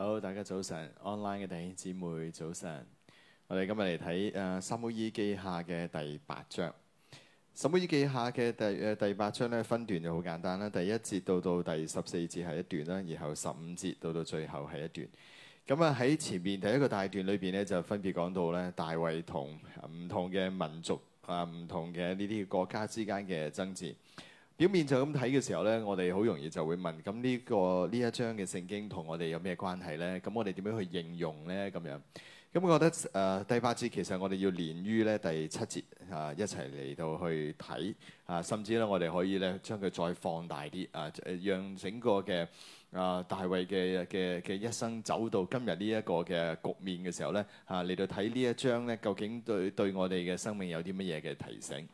好，Hello，大家早晨，online 嘅弟兄姊妹早晨。 我哋今日嚟睇《誒撒母耳記下》嘅第八章。《撒母耳記下》嘅第誒第八章咧，分段就好簡單啦。第一節到到第十四節係一段啦，然後十五節到到最後係一段。咁啊喺前面第一個大段裏邊咧，就分別講到咧大衛同唔同嘅民族啊、唔同嘅呢啲國家之間嘅爭戰。表面就咁睇嘅時候呢，我哋好容易就會問：咁呢個呢一章嘅聖經同我哋有咩關係呢？咁我哋點樣去應用呢？咁樣咁我覺得誒第八節其實我哋要連於呢第七節啊一齊嚟到去睇啊，甚至呢我哋可以呢將佢再放大啲啊，讓整個嘅啊大衛嘅嘅嘅一生走到今日呢一個嘅局面嘅時候呢啊嚟到睇呢一章呢，究竟對對我哋嘅生命有啲乜嘢嘅提醒？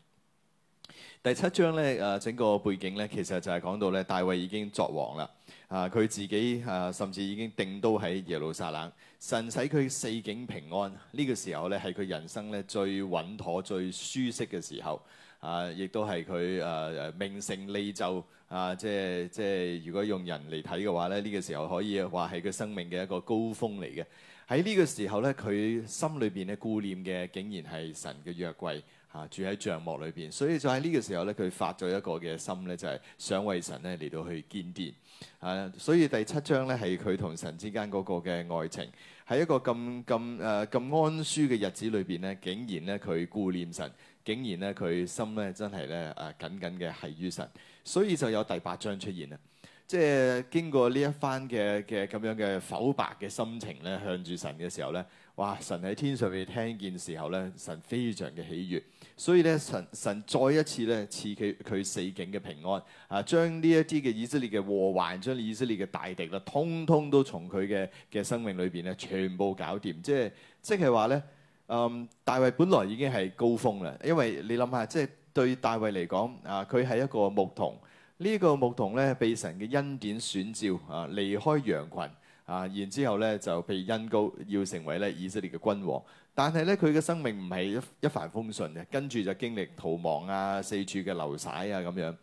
第七章咧，誒整個背景咧，其實就係講到咧，大衛已經作王啦，啊，佢自己啊，甚至已經定都喺耶路撒冷，神使佢四境平安，呢個時候咧係佢人生咧最穩妥、最舒適嘅時候，啊，亦都係佢誒名成利就啊，即係即係如果用人嚟睇嘅話咧，呢個時候可以話係佢生命嘅一個高峰嚟嘅。喺呢個時候咧，佢心裏邊咧顧念嘅竟然係神嘅約櫃。啊，住喺帳幕裏邊，所以就喺呢個時候咧，佢發咗一個嘅心咧，就係想為神咧嚟到去建殿，啊，所以第七章咧係佢同神之間嗰個嘅愛情，喺一個咁咁誒咁安舒嘅日子裏邊咧，竟然咧佢顧念神，竟然咧佢心咧真係咧誒緊緊嘅係於神，所以就有第八章出現啦。即係經過呢一番嘅嘅咁樣嘅剖白嘅心情咧，向住神嘅時候咧，哇！神喺天上面聽見時候咧，神非常嘅喜悅，所以咧神神再一次咧賜佢佢四境嘅平安啊，將呢一啲嘅以色列嘅禍患，將以色列嘅大敵啦、啊，通通都從佢嘅嘅生命裏邊咧，全部搞掂。即係即係話咧，嗯，大衛本來已經係高峰啦，因為你諗下，即、就、係、是、對大衛嚟講啊，佢係一個牧童。呢個牧童咧，被神嘅恩典選召啊，離開羊群，啊，然之後咧就被恩膏要成為咧以色列嘅君王。但係咧佢嘅生命唔係一一帆風順嘅，跟住就經歷逃亡啊、四處嘅流徙啊咁樣。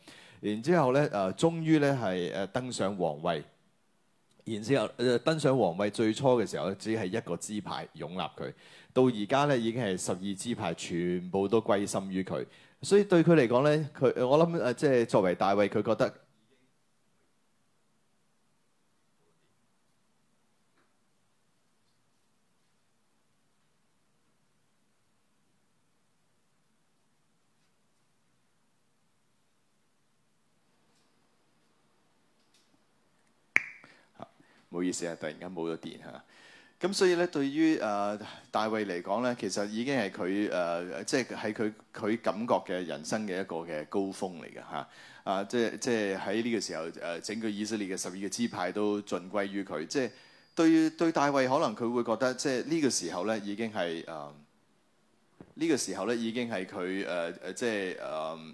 然之後咧，誒終於咧係誒登上皇位。然之後登上皇位最初嘅時候，只係一個支派擁立佢，到而家咧已經係十二支派，全部都歸心於佢。所以對佢嚟講咧，佢我諗誒，即係作為大衛，佢覺得，嚇經，冇 意思啊！突然間冇咗電嚇。咁所以咧，對於誒、呃、大衛嚟講咧，其實已經係佢誒，即係係佢佢感覺嘅人生嘅一個嘅高峰嚟嘅嚇，啊，即係即係喺呢個時候誒、呃，整個以色列嘅十二個支派都盡歸於佢，即係對對大衛可能佢會覺得，即係呢個時候咧已經係誒。呃呢個時候咧已經係佢誒誒，即係誒誒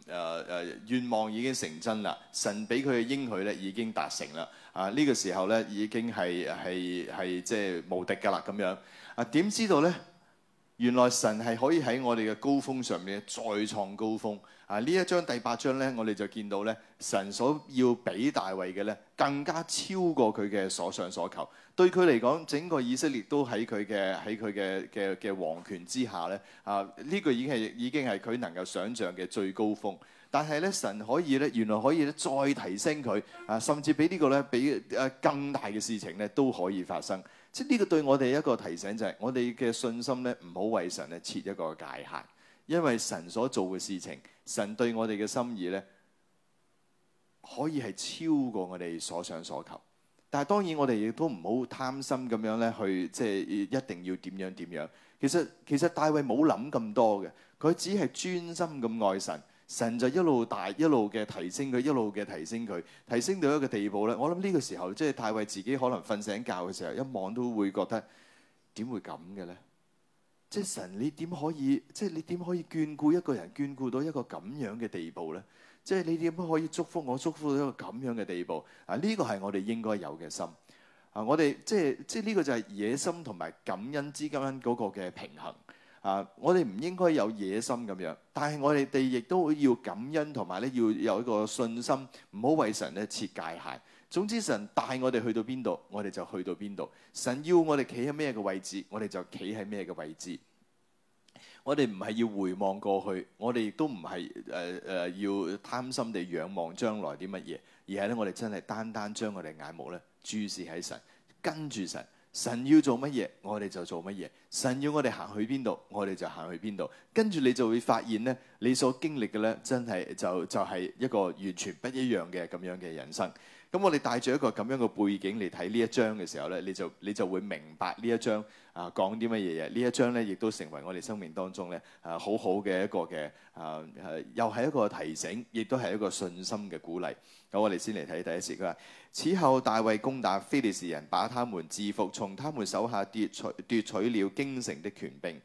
誒，願望已經成真啦，神俾佢嘅應許咧已經達成啦。啊，呢、這個時候咧已經係係係即係無敵㗎啦咁樣。啊，點知道咧？原來神係可以喺我哋嘅高峰上面再創高峰啊！呢一章第八章呢，我哋就見到呢神所要俾大衛嘅呢，更加超過佢嘅所想所求。對佢嚟講，整個以色列都喺佢嘅喺佢嘅嘅嘅皇權之下呢，啊！呢、呢個已經係已經係佢能夠想像嘅最高峰。但係呢神可以呢，原來可以咧，再提升佢啊，甚至俾呢個呢，俾誒更大嘅事情呢，都可以發生。即係呢個對我哋一個提醒就係，我哋嘅信心咧唔好為神咧設一個界限，因為神所做嘅事情，神對我哋嘅心意咧可以係超過我哋所想所求。但係當然我哋亦都唔好貪心咁樣咧去即係一定要點樣點樣。其實其實大衛冇諗咁多嘅，佢只係專心咁愛神。神就一路大，一路嘅提升佢，一路嘅提升佢，提升到一個地步咧。我諗呢個時候，即係太尉自己可能瞓醒覺嘅時候，一望都會覺得點會咁嘅咧？即係神，你點可以？即係你點可以眷顧一個人，眷顧到一個咁樣嘅地步咧？即係你點樣可以祝福我，祝福到一個咁樣嘅地步？啊，呢個係我哋應該有嘅心。啊，我哋即係即係呢個就係野心同埋感恩之間嗰個嘅平衡。啊！我哋唔應該有野心咁樣，但係我哋哋亦都要感恩，同埋咧要有一個信心，唔好為神咧設界限。總之，神帶我哋去到邊度，我哋就去到邊度。神要我哋企喺咩嘅位置，我哋就企喺咩嘅位置。我哋唔係要回望過去，我哋亦都唔係誒誒要貪心地仰望將來啲乜嘢，而係咧我哋真係單單將我哋眼目咧注視喺神，跟住神。神要做乜嘢，我哋就做乜嘢；神要我哋行去邊度，我哋就行去邊度。跟住你就會發現，咧，你所經歷嘅咧，真係就就係一個完全不一樣嘅咁樣嘅人生。咁我哋帶住一個咁樣嘅背景嚟睇呢一章嘅時候咧，你就你就會明白呢一章啊講啲乜嘢嘢。呢一章咧，亦都成為我哋生命當中咧啊好好嘅一個嘅啊，啊，又係一個提醒，亦都係一個信心嘅鼓勵。咁我哋先嚟睇第一節，佢話：此後大衛攻打菲利士人，把他們制服，從他們手下奪取奪取了京城的權柄。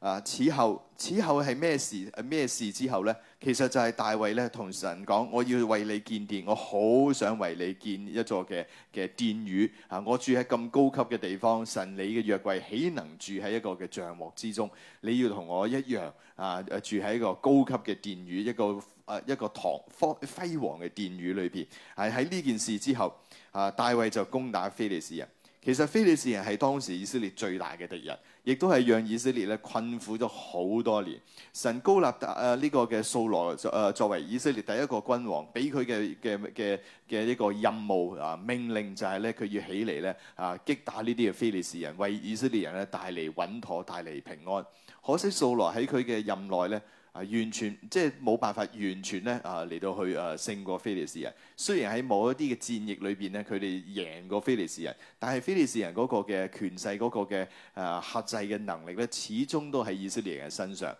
啊，此後此後係咩事？咩、啊、事之後咧？其實就係大衛咧，同神講：我要為你建殿，我好想為你建一座嘅嘅殿宇啊！我住喺咁高級嘅地方，神，你嘅約櫃，豈能住喺一個嘅帳幕之中？你要同我一樣啊！住喺一個高級嘅殿宇，一個誒、啊、一個堂輝煌嘅殿宇裏邊。係喺呢件事之後，啊，大衛就攻打非利士人。其實非利士人係當時以色列最大嘅敵人。亦都係讓以色列咧困苦咗好多年。神高立啊呢個嘅掃羅，作、呃、作為以色列第一個君王，俾佢嘅嘅嘅嘅一個任務啊命令就係咧，佢要起嚟咧啊擊打呢啲嘅非利士人，為以色列人咧帶嚟穩妥，帶嚟平安。可惜掃羅喺佢嘅任內咧。就是、啊！完全即係冇辦法，完全咧啊嚟到去啊勝過菲利士人。雖然喺某一啲嘅戰役裏邊咧，佢哋贏過菲利士人，但係菲利士人嗰個嘅權勢、嗰個嘅啊限制嘅能力咧，始終都喺以色列人身上，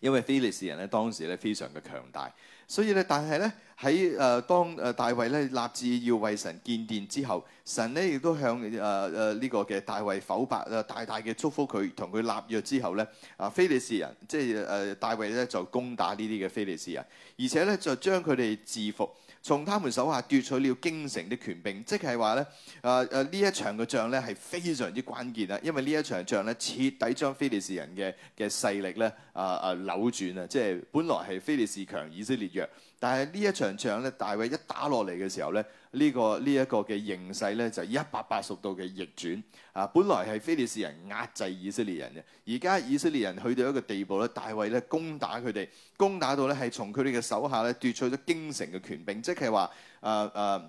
因為菲利士人咧當時咧非常嘅強大。所以咧，但係咧，喺誒、呃、當誒大衛咧立志要為神建殿之後，神咧亦都向誒誒呢個嘅大衛剖白、呃，大大嘅祝福佢，同佢立約之後咧，啊非利士人，即係誒、呃、大衛咧就攻打呢啲嘅非利士人，而且咧就將佢哋制服。從他們手下奪取了京城的權柄，即係話咧，誒誒呢一場嘅仗咧係非常之關鍵啊！因為呢一場仗咧，徹底將非利士人嘅嘅勢力咧，啊、呃、啊扭轉啊！即係本來係非利士強以色列弱。但係呢一場仗咧，大衛一打落嚟嘅時候咧，呢、呢個呢一、呢個嘅形勢咧就一百八十度嘅逆轉啊！本來係非利士人壓制以色列人嘅，而家以色列人去到一個地步咧，大衛咧攻打佢哋，攻打到咧係從佢哋嘅手下咧奪取咗京城嘅權柄，即係話誒誒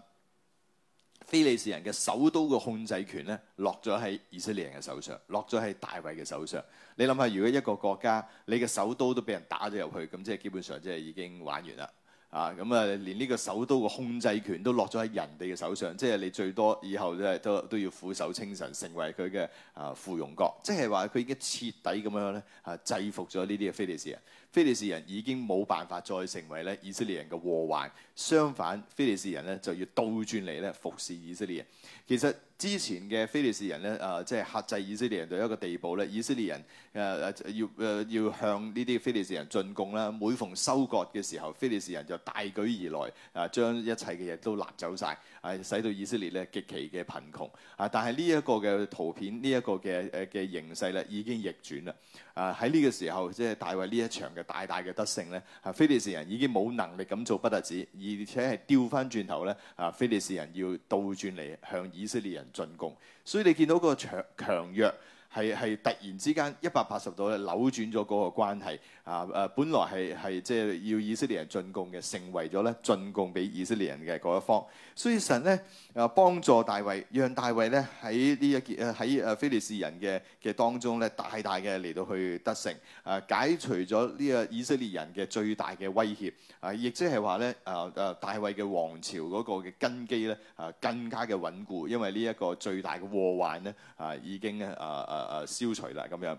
非利士人嘅首都嘅控制權咧落咗喺以色列人嘅手上，落咗喺大衛嘅手上。你諗下，如果一個國家你嘅首都都俾人打咗入去，咁即係基本上即係已經玩完啦。啊，咁啊，連呢個首都嘅控制權都落咗喺人哋嘅手上，即係你最多以後都係都都要俯首稱臣，成為佢嘅啊附庸國，即係話佢已經徹底咁樣咧嚇制服咗呢啲嘅非利士人，非利士人已經冇辦法再成為咧以色列人嘅禍患。相反，非利士人咧就要倒轉嚟咧服侍以色列人。其實之前嘅非利士人咧啊，即係克制以色列人到一個地步咧，以色列人誒誒、啊、要誒、啊、要向呢啲非利士人進貢啦。每逢收割嘅時候，非利士人就大舉而來啊，將一切嘅嘢都擸走晒，係、啊、使到以色列咧極其嘅貧窮。啊，但係呢一個嘅圖片，這個啊、呢一個嘅誒嘅形勢咧已經逆轉啦。啊，喺呢個時候即係、就是、大衛呢一場嘅大大嘅得勝咧，啊，非利士人已經冇能力咁做不特止。而且係調翻轉頭咧，啊，非利士人要倒轉嚟向以色列人進攻，所以你見到個強強弱係係突然之間一百八十度扭轉咗嗰個關係。啊！誒，本來係係即係要以色列人進貢嘅，成為咗咧進貢俾以色列人嘅嗰一方。所以神咧誒幫助大衛，讓大衛咧喺呢一件喺誒非利士人嘅嘅當中咧，大大嘅嚟到去得勝啊，解除咗呢個以色列人嘅最大嘅威脅啊，亦即係話咧誒誒大衛嘅王朝嗰個嘅根基咧啊更加嘅穩固，因為呢一個最大嘅禍患咧啊已經啊啊啊消除啦咁樣。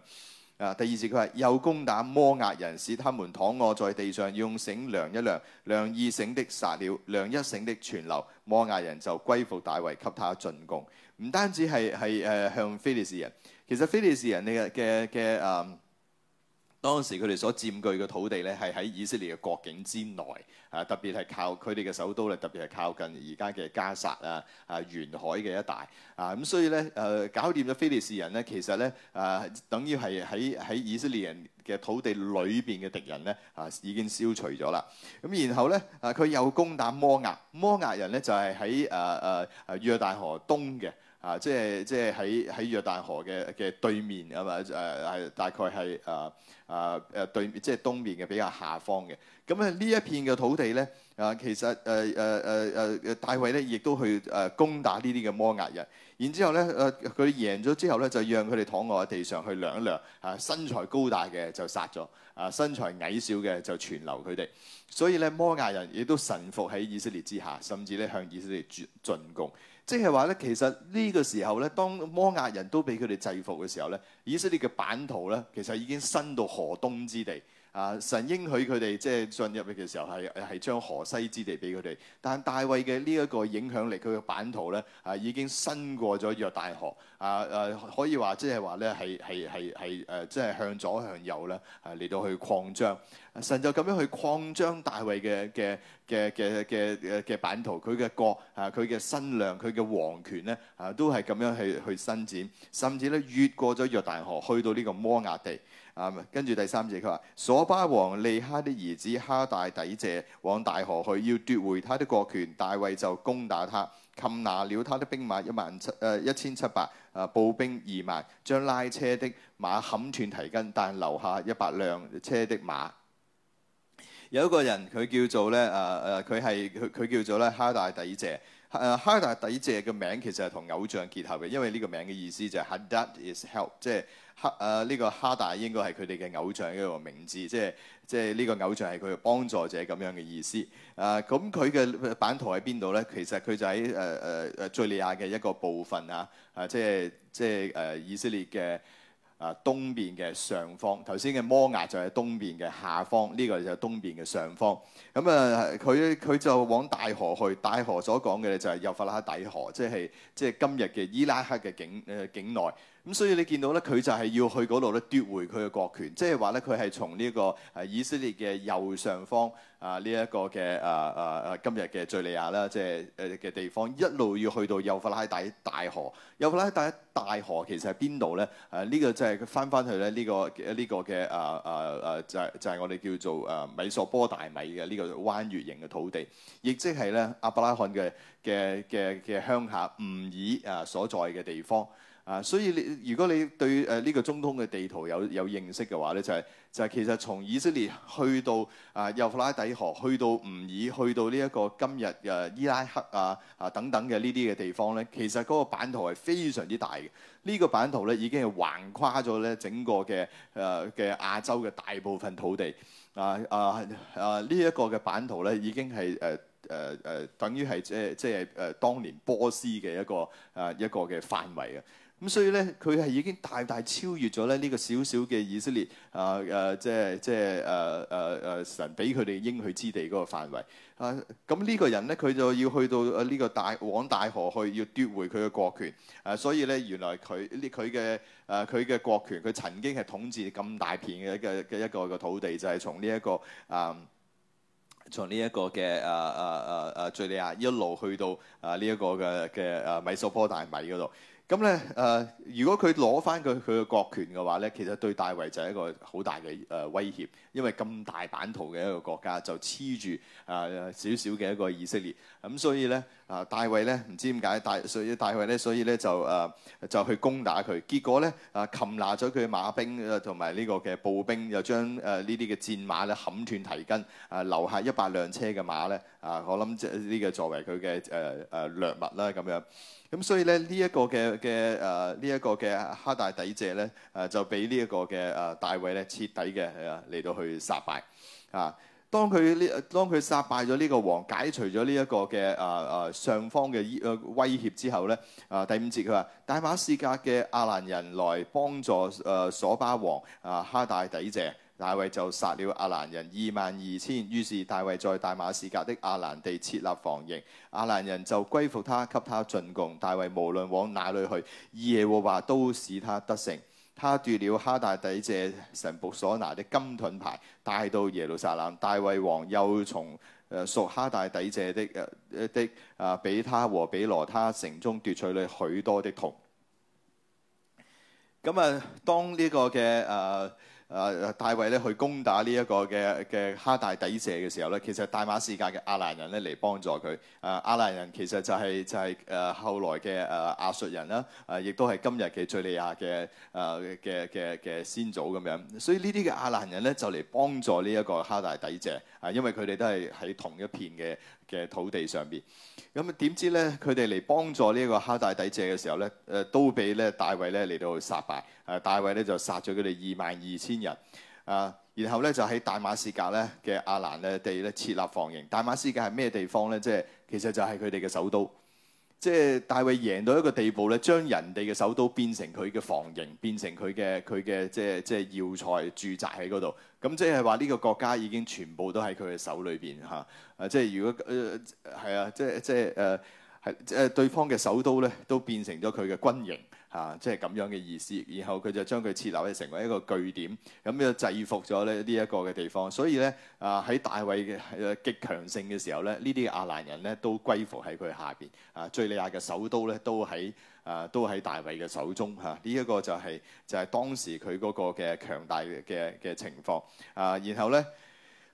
啊！第二節佢話：有攻打摩亞人時，使他們躺臥在地上，用繩量一量，量二繩的殺了，量一繩的全流。摩亞人就歸服大衛，給他進攻。唔單止係係誒向菲利士人，其實菲利士人嘅嘅嘅誒。當時佢哋所佔據嘅土地咧，係喺以色列嘅國境之內啊，特別係靠佢哋嘅首都咧，特別係靠近而家嘅加薩啊，啊沿海嘅一帶啊，咁所以咧，誒搞掂咗非利士人咧，其實咧啊，等於係喺喺以色列人嘅土地裏邊嘅敵人咧啊，已經消除咗啦。咁、啊、然後咧啊，佢又攻打摩押，摩押人咧就係喺誒誒約大河東嘅。啊，即係即係喺喺約旦河嘅嘅對面啊嘛，誒係大概係誒誒誒對，即係東面嘅比較下方嘅。咁咧呢一片嘅土地咧，啊其實誒誒誒誒，大衛咧亦都去誒攻打呢啲嘅摩押人。然後呢之後咧，誒佢贏咗之後咧，就讓佢哋躺卧喺地上去量一量，啊身材高大嘅就殺咗，啊身材矮小嘅就存留佢哋。所以咧摩押人亦都臣服喺以色列之下，甚至咧向以色列進進貢。即係話咧，其實呢個時候咧，當摩押人都俾佢哋制服嘅時候咧，以色列嘅版圖咧，其實已經伸到河東之地。啊！神應許佢哋即係進入去嘅時候係係將河西之地俾佢哋，但大衛嘅呢一個影響力，佢嘅版圖咧啊已經伸過咗約大河啊！誒可以話即係話咧係係係係誒，即係向左向右咧嚟到去擴張。神就咁樣去擴張大衛嘅嘅嘅嘅嘅嘅版圖，佢嘅國啊，佢嘅身量，佢嘅王權咧啊，都係咁樣去去伸展，甚至咧越過咗約大河去到呢個摩押地。啊！跟住第三節，佢話：瑣巴王利哈的兒子哈大底謝往大河去，要奪回他的國權。大衛就攻打他，擒拿了他的兵馬一萬七，誒、呃、一千七百，誒、呃、步兵二萬，將拉車的馬砍斷蹄筋，但留下一百輛車的馬。有一個人佢叫做咧，誒、呃、誒，佢係佢佢叫做咧哈大底謝。誒哈，哈大底謝嘅名其實係同偶像結合嘅，因為呢個名嘅意思就係、是、Help，Hadad is help 即係。哈誒呢個哈大應該係佢哋嘅偶像一個名字，即係即係呢個偶像係佢嘅幫助者咁樣嘅意思。誒咁佢嘅版圖喺邊度咧？其實佢就喺誒誒誒敘利亞嘅一個部分啊！誒即係即係誒以色列嘅誒、呃、東邊嘅上方。頭先嘅摩押就喺東邊嘅下方，呢、這個就係東邊嘅上方。咁、嗯、啊，佢、呃、佢就往大河去，大河所講嘅就係幼發拉底河，即係即係今日嘅伊拉克嘅境誒、啊、境內。咁所以你見到咧，佢就係要去嗰度咧奪回佢嘅國權，即係話咧佢係從呢個誒以色列嘅右上方啊呢一個嘅誒誒誒今日嘅敍利亞啦，即係誒嘅地方一路要去到幼發拉底大，大河。幼發拉底大，大河其實係邊度咧？誒、啊、呢個就係佢翻翻去咧呢個嘅呢個嘅誒誒誒就係就係我哋叫做誒米索波大米嘅呢個彎月形嘅土地，亦即係咧亞伯拉罕嘅嘅嘅嘅鄉下吾珥啊所在嘅地方。啊，所以你如果你對誒呢個中東嘅地圖有有認識嘅話咧，就係、是、就係、是、其實從以色列去到啊幼發拉底河，去到吳爾，去到呢一個今日誒、啊、伊拉克啊啊等等嘅呢啲嘅地方咧，其實嗰個版圖係非常之大嘅。呢、這個版圖咧已經係橫跨咗咧整個嘅誒嘅亞洲嘅大部分土地啊啊啊！呢、啊、一、啊啊這個嘅版圖咧已經係誒誒誒，等於係即即係誒當年波斯嘅一個誒、啊、一個嘅範圍啊。咁所以咧，佢係已經大大超越咗咧呢個小小嘅以色列啊！誒、呃，即係即係誒誒誒神俾佢哋應許之地嗰個範圍啊。咁、呃、呢個人咧，佢就要去到啊呢個大往大河去，要奪回佢嘅國權啊、呃。所以咧，原來佢呢佢嘅誒佢嘅國權，佢曾經係統治咁大片嘅一個嘅一個嘅土地，就係、是、從呢一個，呃個呃、啊，從呢一個嘅誒誒誒誒敍利亞一路去到啊呢一個嘅嘅誒米索坡大米嗰度。啊 Columbus fal 咁咧誒，如果佢攞翻佢佢嘅國權嘅話咧，其實對大衛就係一個好大嘅誒威脅，因為咁大版圖嘅一個國家就黐住誒少少嘅一個以色列，咁所以咧啊大衛咧唔知點解大所以大衛咧所以咧就誒就去攻打佢，結果咧啊擒拿咗佢馬兵同埋呢個嘅步兵，又將誒呢啲嘅戰馬咧砍斷蹄筋，啊留下一百輛車嘅馬咧啊，我諗即呢個作為佢嘅誒誒掠物啦咁樣。咁所以咧，呢、這、一個嘅嘅誒，呢一、這個嘅哈大底謝咧，誒、啊、就俾呢一個嘅誒大衛咧，徹底嘅係啊嚟到去殺敗啊。當佢呢，當佢殺敗咗呢個王，解除咗呢一個嘅誒誒上方嘅威脅之後咧，啊第五節佢話，大馬士革嘅亞蘭人來幫助誒瑣巴王啊哈大底謝。大衛就殺了亞蘭人二萬二千，於是大衛在大馬士革的亞蘭地設立防營。亞蘭人就歸服他，給他進貢。大衛無論往哪裏去，耶和華都使他得勝。他奪了哈大底謝、神僕所拿的金盾牌，帶到耶路撒冷。大衛王又從誒屬哈大底謝的誒、呃、的啊、呃、比他和比羅他城中奪取了許多的銅。咁啊，當呢個嘅誒。呃誒大衛咧去攻打呢一個嘅嘅哈大底謝嘅時候咧，其實大馬士革嘅亞蘭人咧嚟幫助佢。誒亞蘭人其實就係、就係、誒後來嘅誒亞述人啦，誒亦都係今日嘅敍利亞嘅誒嘅嘅嘅先祖咁樣。所以呢啲嘅亞蘭人咧就嚟幫助呢一個哈大底謝，啊，因為佢哋都係喺同一片嘅嘅土地上邊。咁啊點知咧，佢哋嚟幫助呢一個哈大底謝嘅時候咧，誒都俾咧大衛咧嚟到殺敗。誒大衛咧就殺咗佢哋二萬二千人，誒，然後咧就喺大馬士革咧嘅亞蘭嘅地咧設立防營。大馬士革係咩地方咧？即係其實就係佢哋嘅首都。即係大衛贏到一個地步咧，將人哋嘅首都變成佢嘅防營，變成佢嘅佢嘅即係即係要塞住宅喺嗰度。咁即係話呢個國家已經全部都喺佢嘅手裏邊嚇。誒，即係如果誒係啊，即係、呃啊、即係誒係誒對方嘅首都咧，都變成咗佢嘅軍營。啊，即係咁樣嘅意思，然後佢就將佢設立咧成為一個據點，咁就制服咗咧呢一個嘅地方。所以咧啊喺大衛嘅極強盛嘅時候咧，呢啲亞蘭人咧都歸服喺佢下邊。啊，敍、啊啊、利亞嘅首都咧都喺啊都喺大衛嘅手中嚇。呢、啊、一、這個就係、是、就係、是、當時佢嗰個嘅強大嘅嘅情況。啊，然後咧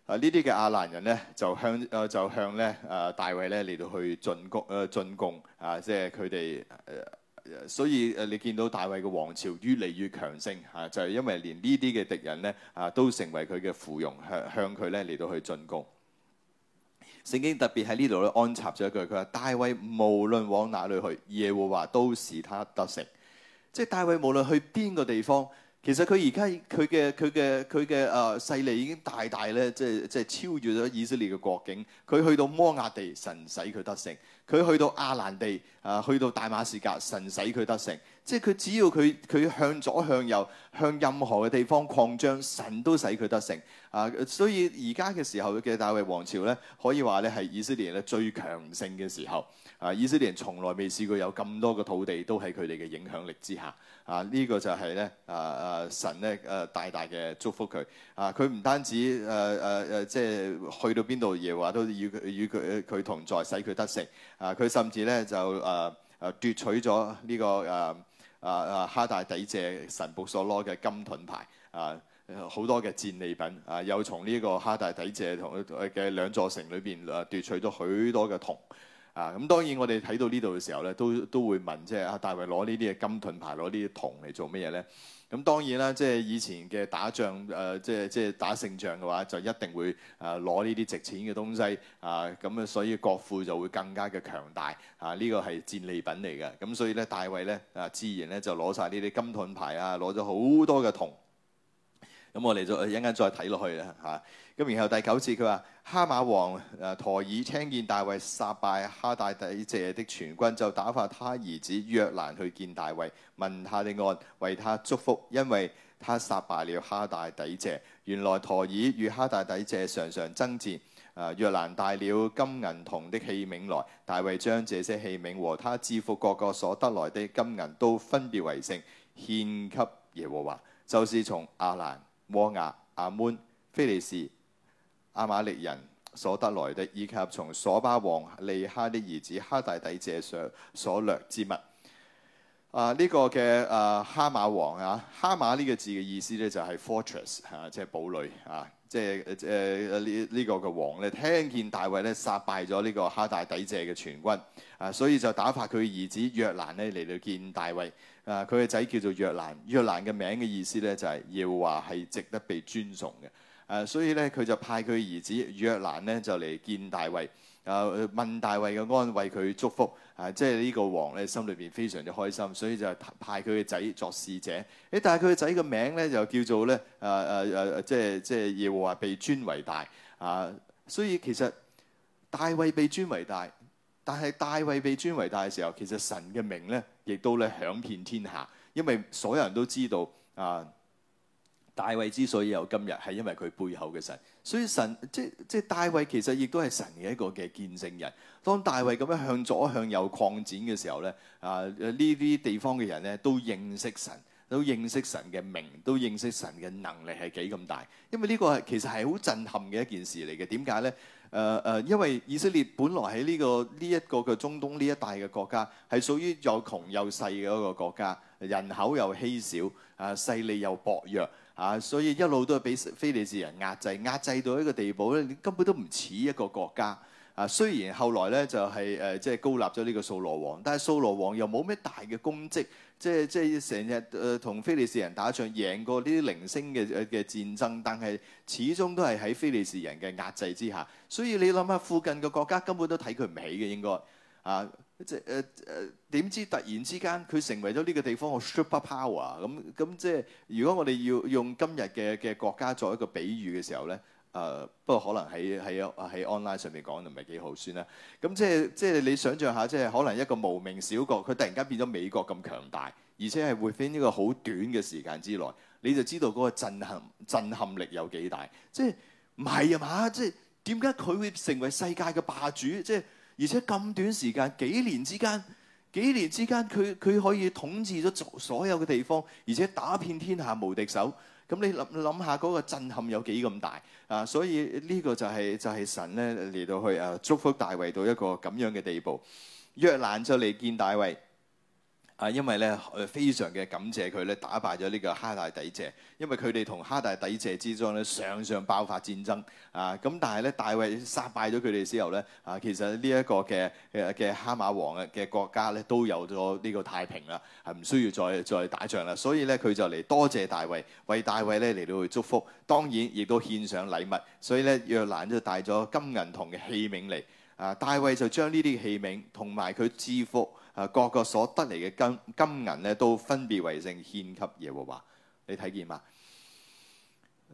啊阿蘭呢啲嘅亞蘭人咧就向啊就向咧啊大衛咧嚟到去進貢。啊進貢啊，即係佢哋誒。啊所以誒，你見到大衛嘅王朝越嚟越強盛嚇，就係因為連呢啲嘅敵人咧嚇都成為佢嘅附庸，向向佢咧嚟到去進攻。聖經特別喺呢度咧安插咗一句，佢話：大衛無論往哪裏去，耶和華都使他得勝。即係大衛無論去邊個地方。其實佢而家佢嘅佢嘅佢嘅誒勢力已經大大咧，即係即係超越咗以色列嘅國境。佢去到摩亞地，神使佢得勝；佢去到亞蘭地，啊，去到大馬士革，神使佢得勝。即係佢只要佢佢向左向右向任何嘅地方擴張，神都使佢得勝。啊，所以而家嘅時候嘅大衛王朝咧，可以話咧係以色列咧最強盛嘅時候。啊！以色列從來未試過有咁多個土地都喺佢哋嘅影響力之下。啊！呢、這個就係、是、咧啊啊神咧誒大大嘅祝福佢啊！佢唔單止誒誒誒，即、啊、係、啊就是、去到邊度嘅話都與與佢佢同在，使佢得勝啊！佢甚至咧就誒誒、啊啊、奪取咗呢、這個誒誒誒哈大底謝神僕所攞嘅金盾牌啊，好多嘅戰利品啊，又從呢個哈大底謝同嘅兩座城裏邊誒奪取咗許多嘅銅。啊，咁當然我哋睇到呢度嘅時候咧，都都會問，即係啊，大衛攞呢啲嘅金盾牌，攞呢啲銅嚟做乜嘢咧？咁、啊、當然啦，即係以前嘅打仗，誒、呃，即係即係打勝仗嘅話，就一定會啊攞呢啲值錢嘅東西啊，咁啊，所以國庫就會更加嘅強大啊，呢、這個係戰利品嚟嘅，咁、啊、所以咧，大衛咧啊，自然咧就攞晒呢啲金盾牌啊，攞咗好多嘅銅。咁我哋就一陣間再睇落去啦，嚇、啊。咁然後第九節，佢話：哈馬王誒、啊、陀以聽見大衛殺敗哈大底謝的全軍，就打發他兒子約蘭去見大衛，問他的安，為他祝福，因為他殺敗了哈大底謝。原來陀以與哈大底謝常常爭戰。誒、約蘭帶了金銀銅的器皿來，大衛將這些器皿和他制伏各國所得來的金銀都分別為聖，獻給耶和華。就是從亞蘭、摩亞、亞捫、非利士。亞瑪力人所得來的，以及從瑣巴王利哈的兒子哈大底謝上所掠之物。啊，呢個嘅啊哈馬王啊，哈馬呢個字嘅意思咧就係 fortress 啊，即係堡壘啊。即係誒、啊這個這個、呢呢個嘅王咧，聽見大衛咧殺敗咗呢個哈大底謝嘅全軍啊，所以就打發佢嘅兒子約蘭咧嚟到見大衛。啊，佢嘅仔叫做約蘭，約蘭嘅名嘅意思咧就係要話係值得被尊崇嘅。誒、啊，所以咧，佢就派佢兒子約蘭咧，就嚟見大衛，誒、啊、問大衛嘅安，為佢祝福，啊，即係呢個王咧，心裏邊非常之開心，所以就派佢嘅仔作使者。誒、哎，但係佢嘅仔嘅名咧，就叫做咧，誒誒誒，即係、啊、即係耶和華被尊為大。啊，所以其實大衛被尊為大，但係大衛被尊為大嘅時候，其實神嘅名咧，亦都咧響遍天下，因為所有人都知道啊。大衛之所以有今日，係因為佢背後嘅神。所以神即即大衛其實亦都係神嘅一個嘅見證人。當大衛咁樣向左向右擴展嘅時候咧，啊呢啲地方嘅人咧都認識神，都認識神嘅名，都認識神嘅能力係幾咁大。因為呢個係其實係好震撼嘅一件事嚟嘅。點解咧？誒、呃、誒，因為以色列本來喺呢、這個呢一、這個嘅中東呢一帶嘅國家係屬於又窮又細嘅一個國家，人口又稀少，啊勢力又薄弱。啊，所以一路都係俾非利士人壓制，壓制到一個地步咧，根本都唔似一個國家。啊，雖然後來咧就係、是、誒，即、呃、係、就是、高立咗呢個掃羅王，但係掃羅王又冇咩大嘅功績，即係即係成日誒同非利士人打仗，贏過呢啲零星嘅嘅戰爭，但係始終都係喺非利士人嘅壓制之下。所以你諗下，附近嘅國家根本都睇佢唔起嘅，應該啊。即係，誒、誒，點知突然之間佢成為咗呢個地方嘅 super power。咁，咁即係如果我哋要用今日嘅嘅國家作一個比喻嘅時候咧，誒、呃，不過可能喺喺喺 online 上面講就唔係幾好算啦。咁即係，即係你想象下，即係可能一個無名小國，佢突然間變咗美國咁強大，而且係會喺呢個好短嘅時間之內，你就知道嗰個震撼、震撼力有幾大。即係唔係啊嘛？即係點解佢會成為世界嘅霸主？即係。而且咁短時間，幾年之間，幾年之間，佢佢可以統治咗所有嘅地方，而且打遍天下無敵手。咁你諗諗下嗰個震撼有幾咁大啊？所以呢個就係就係神咧嚟到去啊祝福大衛到一個咁樣嘅地步。約蘭就嚟見大衛。啊，因為咧誒非常嘅感謝佢咧，打敗咗呢個哈大底謝，因為佢哋同哈大底謝之中咧，上上爆發戰爭啊！咁但係咧，大衛殺敗咗佢哋之後咧，啊，其實呢一個嘅誒嘅哈馬王嘅嘅國家咧，都有咗呢個太平啦，係唔需要再再打仗啦。所以咧，佢就嚟多謝，謝大衛，為大衛咧嚟到去祝福，當然亦都獻上禮物。所以咧，約蘭就帶咗金銀銅嘅器皿嚟，啊，大衛就將呢啲器皿同埋佢祝福。啊，各個所得嚟嘅金金銀咧，都分別為聖獻給耶和華，你睇見嘛，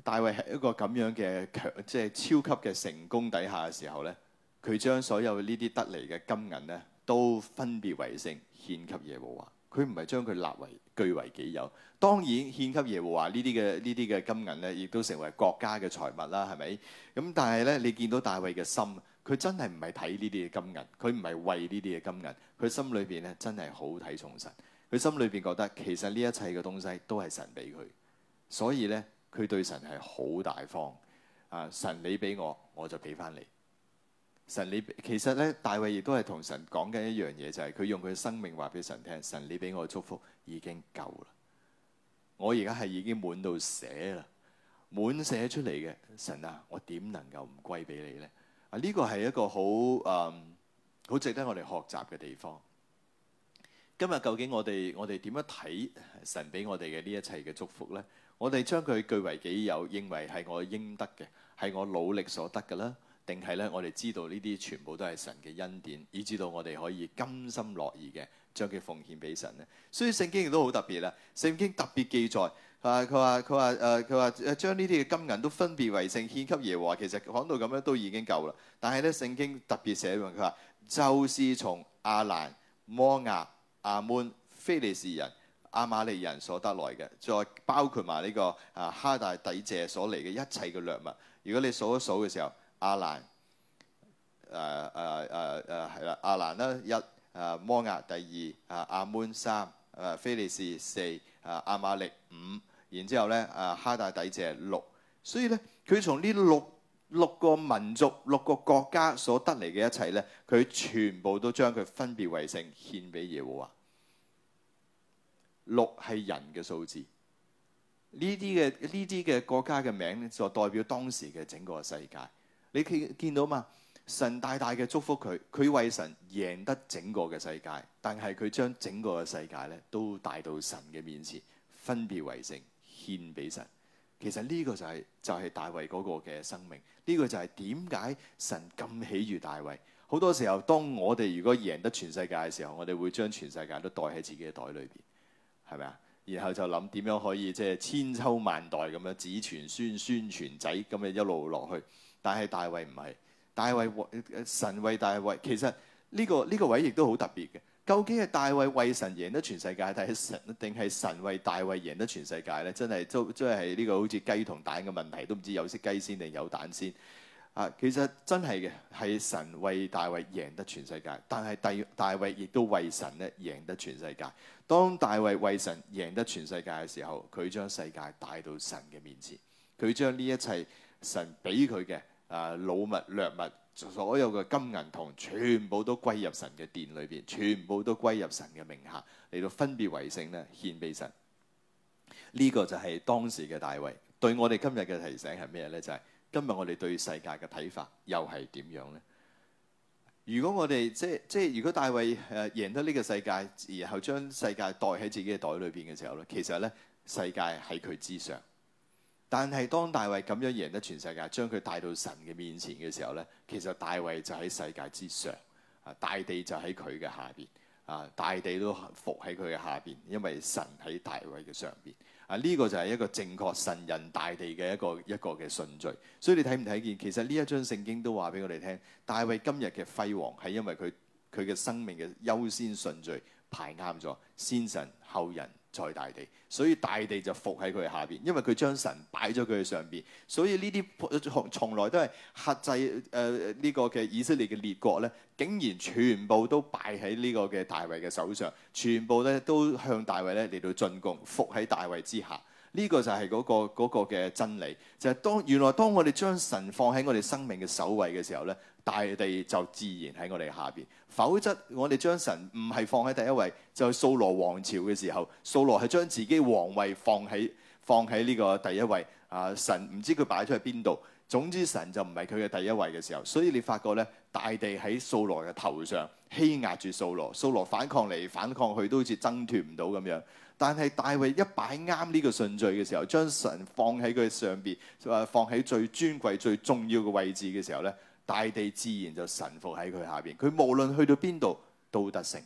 大衛喺一個咁樣嘅強，即係超級嘅成功底下嘅時候咧，佢將所有呢啲得嚟嘅金銀咧，都分別為聖獻給耶和華，佢唔係將佢立為，據為己有，當然獻給耶和華呢啲嘅呢啲嘅金銀咧，亦都成為國家嘅財物啦，係咪？咁但係咧，你見到大衛嘅心，佢真係唔係睇呢啲嘅金銀，佢唔係為呢啲嘅金銀，佢心裏邊咧真係好睇重神，佢心裏邊覺得其實呢一切嘅東西都係神俾佢，所以咧佢對神係好大方啊！神，你俾我，我就俾翻你。神你其實咧，大衛亦都係同神講緊一樣嘢，就係、是、佢用佢嘅生命話俾神聽，神你俾我嘅祝福已經夠啦，我而家係已經滿到寫啦，滿寫出嚟嘅，神啊，我點能夠唔歸俾你咧？啊，呢個係一個好誒，好、嗯、值得我哋學習嘅地方。今日究竟我哋我哋點樣睇神俾我哋嘅呢一切嘅祝福咧？我哋將佢據為己有，認為係我應得嘅，係我努力所得嘅啦。定係咧，我哋知道呢啲全部都係神嘅恩典，以至到我哋可以甘心樂意嘅將佢奉獻俾神咧。所以聖經亦都好特別啦。聖經特別記載，啊佢話佢話，誒佢話將呢啲嘅金銀都分別為聖獻給耶和華。其實講到咁樣都已經夠啦。但係咧，聖經特別寫明佢話，就是從亞蘭、摩亞、亞門、非利士人、亞瑪利人所得來嘅，再包括埋呢個啊哈大底謝所嚟嘅一切嘅掠物。如果你數一數嘅時候，阿蘭，誒誒誒誒係啦，阿蘭咧一誒、啊、摩押，第二誒亞、啊、門三誒、啊、非利士四誒亞瑪力五，然之後咧誒哈大底謝六，所以咧佢從呢六六個民族六個國家所得嚟嘅一切咧，佢全部都將佢分別為聖獻俾耶和華。六係人嘅數字，呢啲嘅呢啲嘅國家嘅名咧，就代表當時嘅整個世界。你見到嘛？神大大嘅祝福佢，佢為神贏得整個嘅世界，但係佢將整個嘅世界咧都帶到神嘅面前，分別為聖獻俾神。其實呢個就係就係大衛嗰個嘅生命。呢個就係點解神咁喜悅大衛。好多時候，當我哋如果贏得全世界嘅時候，我哋會將全世界都袋喺自己嘅袋裏邊，係咪啊？然後就諗點樣可以即係千秋萬代咁樣子傳孫、孫傳仔咁樣一路落去。但係大衛唔係，大衛神為大衛，其實呢個呢個位亦都好特別嘅。究竟係大衛為神贏得全世界，定係神定係神為大衛贏得全世界呢？真係都都係呢個好似雞同蛋嘅問題，都唔知有識雞先定有蛋先啊！其實真係嘅係神為大衛贏得全世界，但係大大衛亦都為神咧贏得全世界。當大衛為神贏得全世界嘅時候，佢將世界帶到神嘅面前，佢將呢一切。神俾佢嘅啊，擄物掠物，所有嘅金銀銅，全部都歸入神嘅殿裏邊，全部都歸入神嘅名下，嚟到分別為聖咧，獻俾神。呢、這個就係當時嘅大衛對我哋今日嘅提醒係咩咧？就係、是、今日我哋對世界嘅睇法又係點樣咧？如果我哋即係即係，如果大衛誒、啊、贏得呢個世界，然後將世界袋喺自己嘅袋裏邊嘅時候咧，其實咧世界喺佢之上。但係當大衛咁樣贏得全世界，將佢帶到神嘅面前嘅時候呢，其實大衛就喺世界之上，啊，大地就喺佢嘅下邊，啊，大地都伏喺佢嘅下邊，因為神喺大衛嘅上邊，啊、這、呢個就係一個正確神人大地嘅一個一個嘅順序。所以你睇唔睇見？其實呢一章聖經都話俾我哋聽，大衛今日嘅輝煌係因為佢佢嘅生命嘅優先順序。排啱咗，先神後人，在大地，所以大地就伏喺佢下邊，因為佢將神擺咗佢上邊，所以呢啲從來都係克制誒呢個嘅以色列嘅列國咧，竟然全部都敗喺呢個嘅大衛嘅手上，全部咧都向大衛咧嚟到進貢，伏喺大衛之下。呢個就係嗰個嗰個嘅真理，就係當原來當我哋將神放喺我哋生命嘅首位嘅時候咧，大地就自然喺我哋下邊。否則，我哋將神唔係放喺第一位，就係掃羅王朝嘅時候，掃羅係將自己皇位放喺放喺呢個第一位啊！神唔知佢擺咗喺邊度，總之神就唔係佢嘅第一位嘅時候，所以你發覺咧，大地喺掃羅嘅頭上欺壓住掃羅，掃羅反抗嚟反抗去都好似掙脫唔到咁樣。但係大衛一擺啱呢個順序嘅時候，將神放喺佢上邊，就話放喺最尊貴、最重要嘅位置嘅時候咧，大地自然就臣服喺佢下邊。佢無論去到邊度都得勝，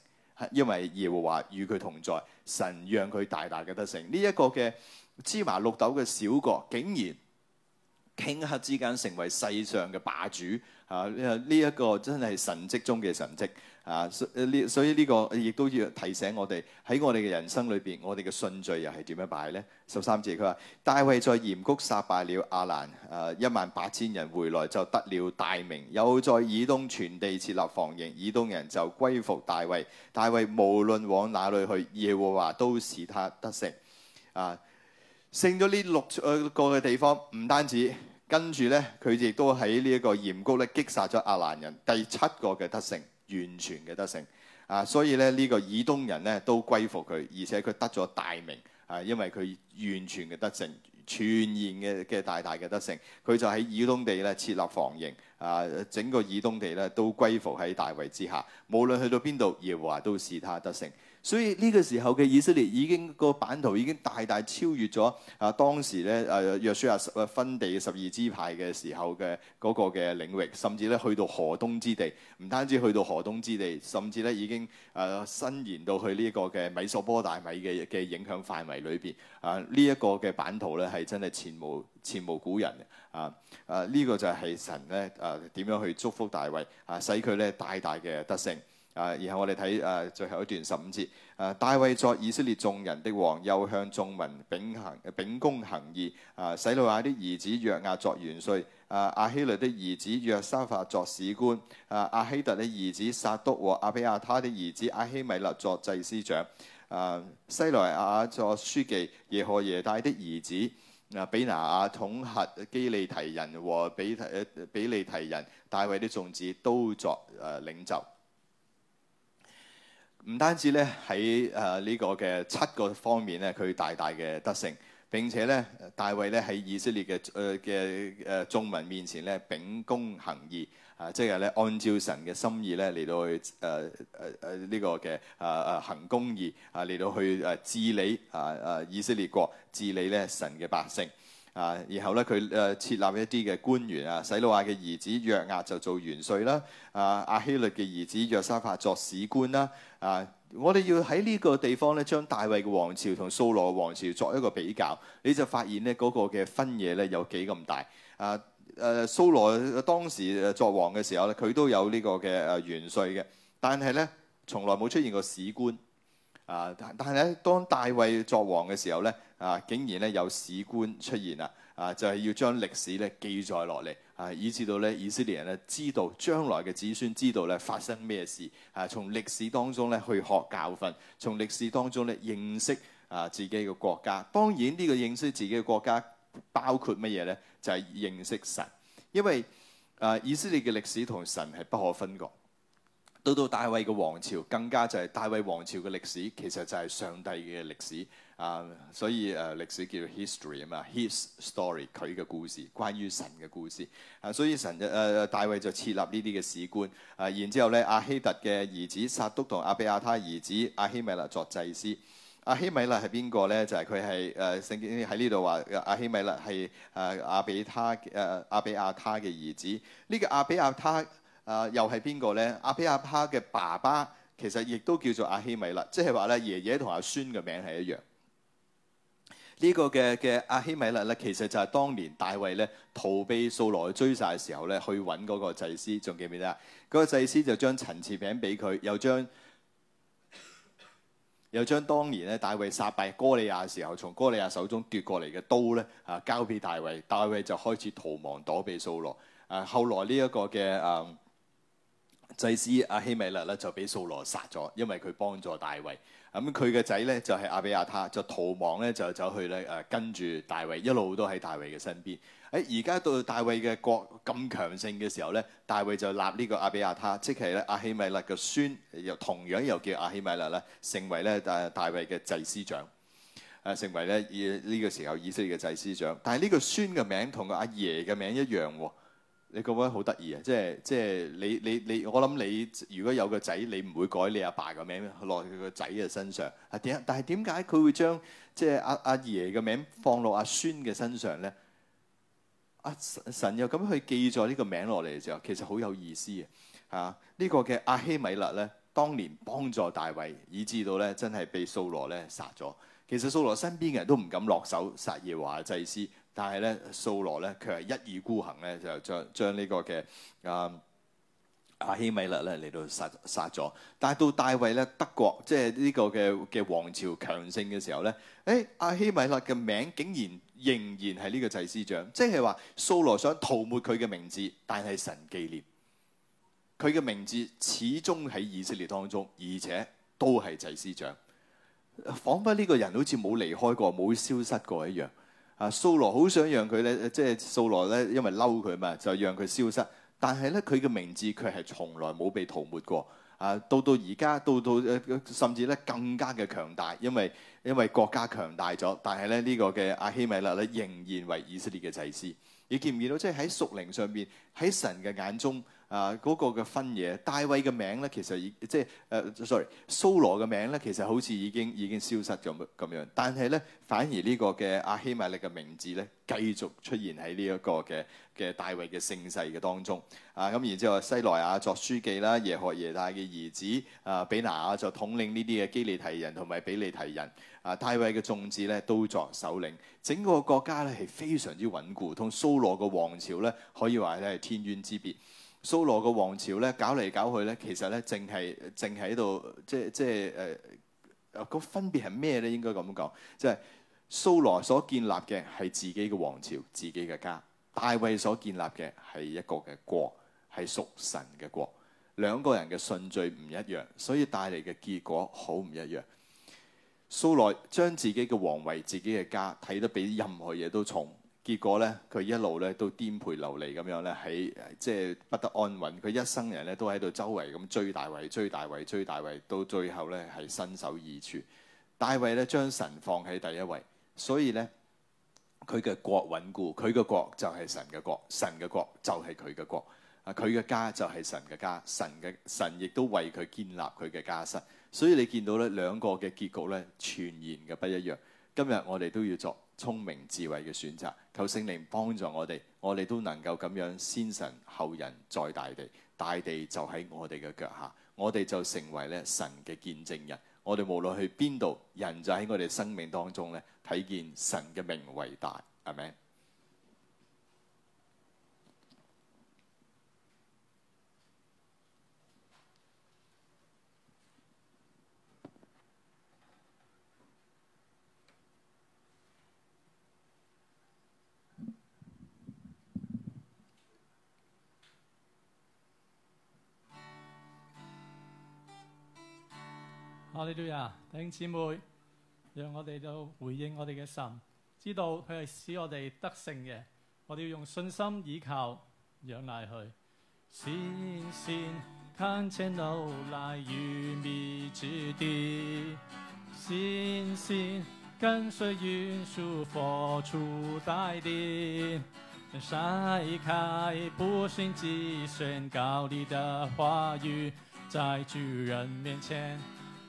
因為耶和華與佢同在。神讓佢大大嘅得勝。呢一個嘅芝麻綠豆嘅小國，竟然頃刻之間成為世上嘅霸主。吓，呢一個真係神蹟中嘅神蹟。啊，所呢，所以呢個亦都要提醒我哋喺我哋嘅人生裏邊，我哋嘅順序又係點樣擺呢？十三節佢話：大衛在鹽谷殺敗了亞蘭，誒一萬八千人，回來就得了大名。又在以東全地設立防營，以東人就歸服大衛。大衛無論往哪裏去，耶和華都使他得勝。啊，勝咗呢六個嘅地方，唔單止跟住呢，佢亦都喺呢一個鹽谷咧擊殺咗亞蘭人，第七個嘅得勝。完全嘅得勝啊，所以咧呢、這個以東人咧都歸服佢，而且佢得咗大名啊，因為佢完全嘅得勝，全然嘅嘅大大嘅得勝，佢就喺以東地咧設立防營啊，整個以東地咧都歸服喺大衛之下，無論去到邊度，耶和華都使他得勝。所以呢、這個時候嘅以色列已經、這個版圖已經大大超越咗啊！當時咧誒、啊、約書亞十分地十二支派嘅時候嘅嗰個嘅領域，甚至咧去到河東之地，唔單止去到河東之地，甚至咧、啊、已經誒、啊、伸延到去呢個嘅米索波大米嘅嘅影響範圍裏邊啊！呢、這、一個嘅版圖咧係真係前無前無古人嘅啊！誒、啊、呢、這個就係神咧誒點樣去祝福大衛啊，使佢咧大大嘅得勝。啊！然後我哋睇誒最後一段十五節誒，大衛作以色列眾人的王，又向眾民秉行秉公行義啊！洗魯雅的兒子約押作元帥，阿阿希律的兒子約沙法作史官，阿阿希特的兒子撒督和阿比亞他的兒子阿希米勒作祭司長，啊西來亞作書記，耶何耶大的兒子啊比拿亞統合基利提人和比誒比利提人，大衛的眾子都作誒領袖。唔單止咧喺誒呢個嘅七個方面咧，佢大大嘅得勝。並且咧，大衛咧喺以色列嘅誒嘅誒眾民面前咧，秉公行義啊，即係咧按照神嘅心意咧嚟到去誒誒誒呢個嘅誒誒行公義啊，嚟到去誒治理啊啊以色列國，治理咧神嘅百姓。啊，然後咧佢誒設立一啲嘅官員啊，洗魯亞嘅兒子約押就做元帥啦，啊阿希律嘅兒子約沙法作史官啦，啊我哋要喺呢個地方咧將大衛嘅王朝同掃羅王朝作一個比較，你就發現咧嗰個嘅分野咧有幾咁大啊，誒掃羅當時誒作王嘅時候咧，佢都有呢個嘅誒元帥嘅，但係咧從來冇出現過史官啊，但係咧當大衛作王嘅時候咧。啊！竟然咧有史官出現啦！啊，就係要將歷史咧記載落嚟啊，以至到咧以色列人咧知道將來嘅子孫知道咧發生咩事啊，從歷史當中咧去學教訓，從歷史當中咧認識啊自己嘅國家。當然呢個認識自己嘅國家包括乜嘢咧？就係認識神，因為啊，以色列嘅歷史同神係不可分割。到到大衛嘅王朝，更加就係大衛王朝嘅歷史，其實就係上帝嘅歷史啊！Uh, 所以誒，uh, 歷史叫 history 啊嘛，his story 佢嘅故事，關於神嘅故事啊！Uh, 所以神誒、uh, 大衛就設立、uh, 呢啲嘅史官啊，然之後咧，阿希特嘅兒子撒督同阿比亞他兒子阿希米勒作祭司。阿希米勒係邊個咧？就係佢係誒聖經喺呢度話阿希米勒係、uh, 阿比他誒、uh, 阿比亞他嘅兒子。呢、這個阿比亞他。啊，又係邊個咧？阿比阿哈嘅爸爸其實亦都叫做阿希米勒，即係話咧，爺爺同阿孫嘅名係一樣。呢、這個嘅嘅阿希米勒咧，其實就係當年大衛咧逃避掃羅追殺嘅時候咧，去揾嗰個祭司。仲記唔記得啊？嗰、那個祭司就將陳設餅俾佢，又將又將當年咧大衛殺敗哥利亞時候，從哥利亞手中奪過嚟嘅刀咧啊，交俾大衛。大衛就開始逃亡躲避掃羅。啊，後來呢一個嘅啊～、嗯祭司阿希米勒咧就俾掃羅殺咗，因為佢幫助大衛。咁佢嘅仔咧就係阿比亞他，就逃亡咧就走去咧誒，跟住大衛一路都喺大衛嘅身邊。誒，而家到大衛嘅國咁強盛嘅時候咧，大衛就立呢個阿比亞他，即係咧阿希米勒嘅孫，又同樣又叫阿希米勒啦，成為咧大大衛嘅祭司長，誒成為咧呢個時候以色列嘅祭司長。但係呢個孫嘅名同個阿爺嘅名一樣喎。你覺得好得意啊！即係即係你你你，我諗你如果有個仔，你唔會改你阿爸個名落去佢個仔嘅身上。係點？但係點解佢會將即係阿阿爺嘅名放落阿、啊、孫嘅身上咧？阿、啊、神，神又咁去記咗呢個名落嚟嘅時候，其實好有意思嘅嚇。呢、啊呢個嘅阿希米勒咧，當年幫助大衛，以至到咧真係被掃羅咧殺咗。其實掃羅身邊嘅人都唔敢落手殺耶和華祭司。但係咧，掃羅咧，佢係一意孤行咧，就將將、啊、呢個嘅阿、哎、阿希米勒咧嚟到殺殺咗。但係到大衛咧，得國即係呢個嘅嘅王朝強盛嘅時候咧，誒阿希米勒嘅名竟然仍然係呢個祭司長，即係話掃羅想塗抹佢嘅名字，但係神記念佢嘅名字，始終喺以色列當中，而且都係祭司長，彷彿呢個人好似冇離開過、冇消失過一樣。啊，掃羅好想讓佢咧，即係掃羅咧，因為嬲佢嘛，就讓佢消失。但係咧，佢嘅名字佢係從來冇被塗抹過。啊，到到而家，到到、啊、甚至咧更加嘅強大，因為因為國家強大咗。但係咧，呢、呢個嘅亞希米勒咧，仍然為以色列嘅祭司。你見唔見到？即係喺屬靈上邊，喺神嘅眼中。啊！嗰、那個嘅分野，大衛嘅名咧，其實已即係誒，sorry，蘇羅嘅名咧，其實好似已經已經消失咗咁樣。但係咧，反而呢個嘅阿希米力嘅名字咧，繼續出現喺呢一個嘅嘅大衛嘅盛世嘅當中啊。咁然之後，西萊雅作書記啦，耶何耶大嘅兒子啊，比拿亞就統領呢啲嘅基利提人同埋比利提人啊。大衛嘅眾子咧都作首領，整個國家咧係非常之穩固，同蘇羅嘅王朝咧可以話咧係天淵之別。掃羅嘅王朝咧，搞嚟搞去咧，其實咧淨係淨喺度，即係即係誒，呃那個分別係咩咧？應該咁講，即係掃羅所建立嘅係自己嘅王朝、自己嘅家；大衛所建立嘅係一個嘅國，係屬神嘅國。兩個人嘅順序唔一樣，所以帶嚟嘅結果好唔一樣。掃羅將自己嘅皇位、自己嘅家睇得比任何嘢都重。結果咧，佢一路咧都顛沛流離咁樣咧，喺即係不得安穩。佢一生人咧都喺度周圍咁追大衛，追大衛，追大衛，到最後咧係身首異處。大衛咧將神放喺第一位，所以咧佢嘅國穩固，佢嘅國就係神嘅國，神嘅國就係佢嘅國。啊，佢嘅家就係神嘅家，神嘅神亦都為佢建立佢嘅家室。所以你見到咧兩個嘅結局咧全然嘅不一樣。今日我哋都要作聰明智慧嘅選擇，求聖靈幫助我哋，我哋都能夠咁樣先神後人再大地，大地就喺我哋嘅腳下，我哋就成為咧神嘅見證人。我哋無論去邊度，人就喺我哋生命當中咧睇見神嘅名為大，阿門。我哋都要啊，弟兄姊妹，讓我哋都回應我哋嘅神，知道佢係使我哋得勝嘅。我哋要用信心倚靠仰，仰賴佢。信心看前路，賴如滅主地；信心跟隨耶穌，發出帶領。甩開不信積雪高舉你的話語，在巨人面前。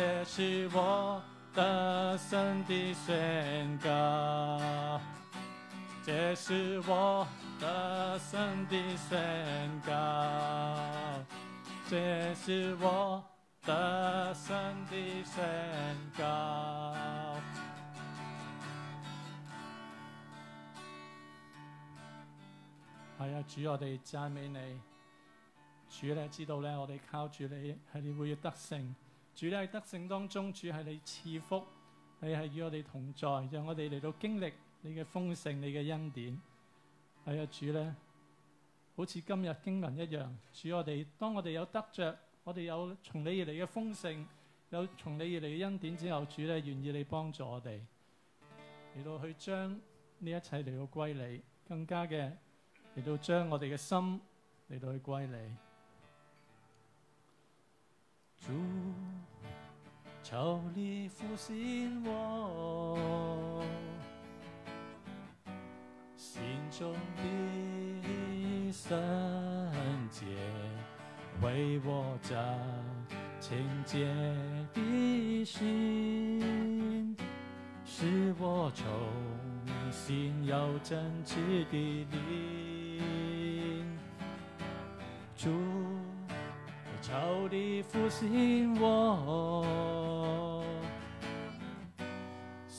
這是我的神的宣告，這是我的神的宣告，這是我的神的宣告。係啊、哎，主我哋讚美你，主咧知道咧，我哋靠住你係，你會要得勝。主喺德性當中，主係你賜福，你係與我哋同在，讓我哋嚟到經歷你嘅豐盛，你嘅恩典。係、哎、啊，主咧，好似今日經文一樣，主我哋，當我哋有得着，我哋有從你而嚟嘅豐盛，有從你而嚟嘅恩典之後，主咧願意你幫助我哋，嚟到去將呢一切嚟到歸你，更加嘅嚟到將我哋嘅心嚟到去歸你。主。求你復興我心中的聖潔，為我造清潔的心，使我重新有正直的靈。主，求你復興我。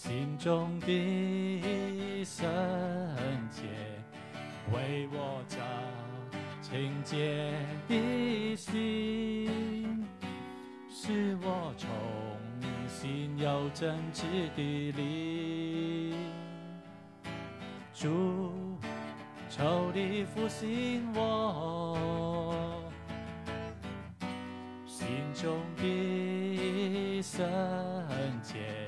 心中的聖潔，為我造清潔的心，使我重新有正直的靈，主求你復興我心中的聖潔。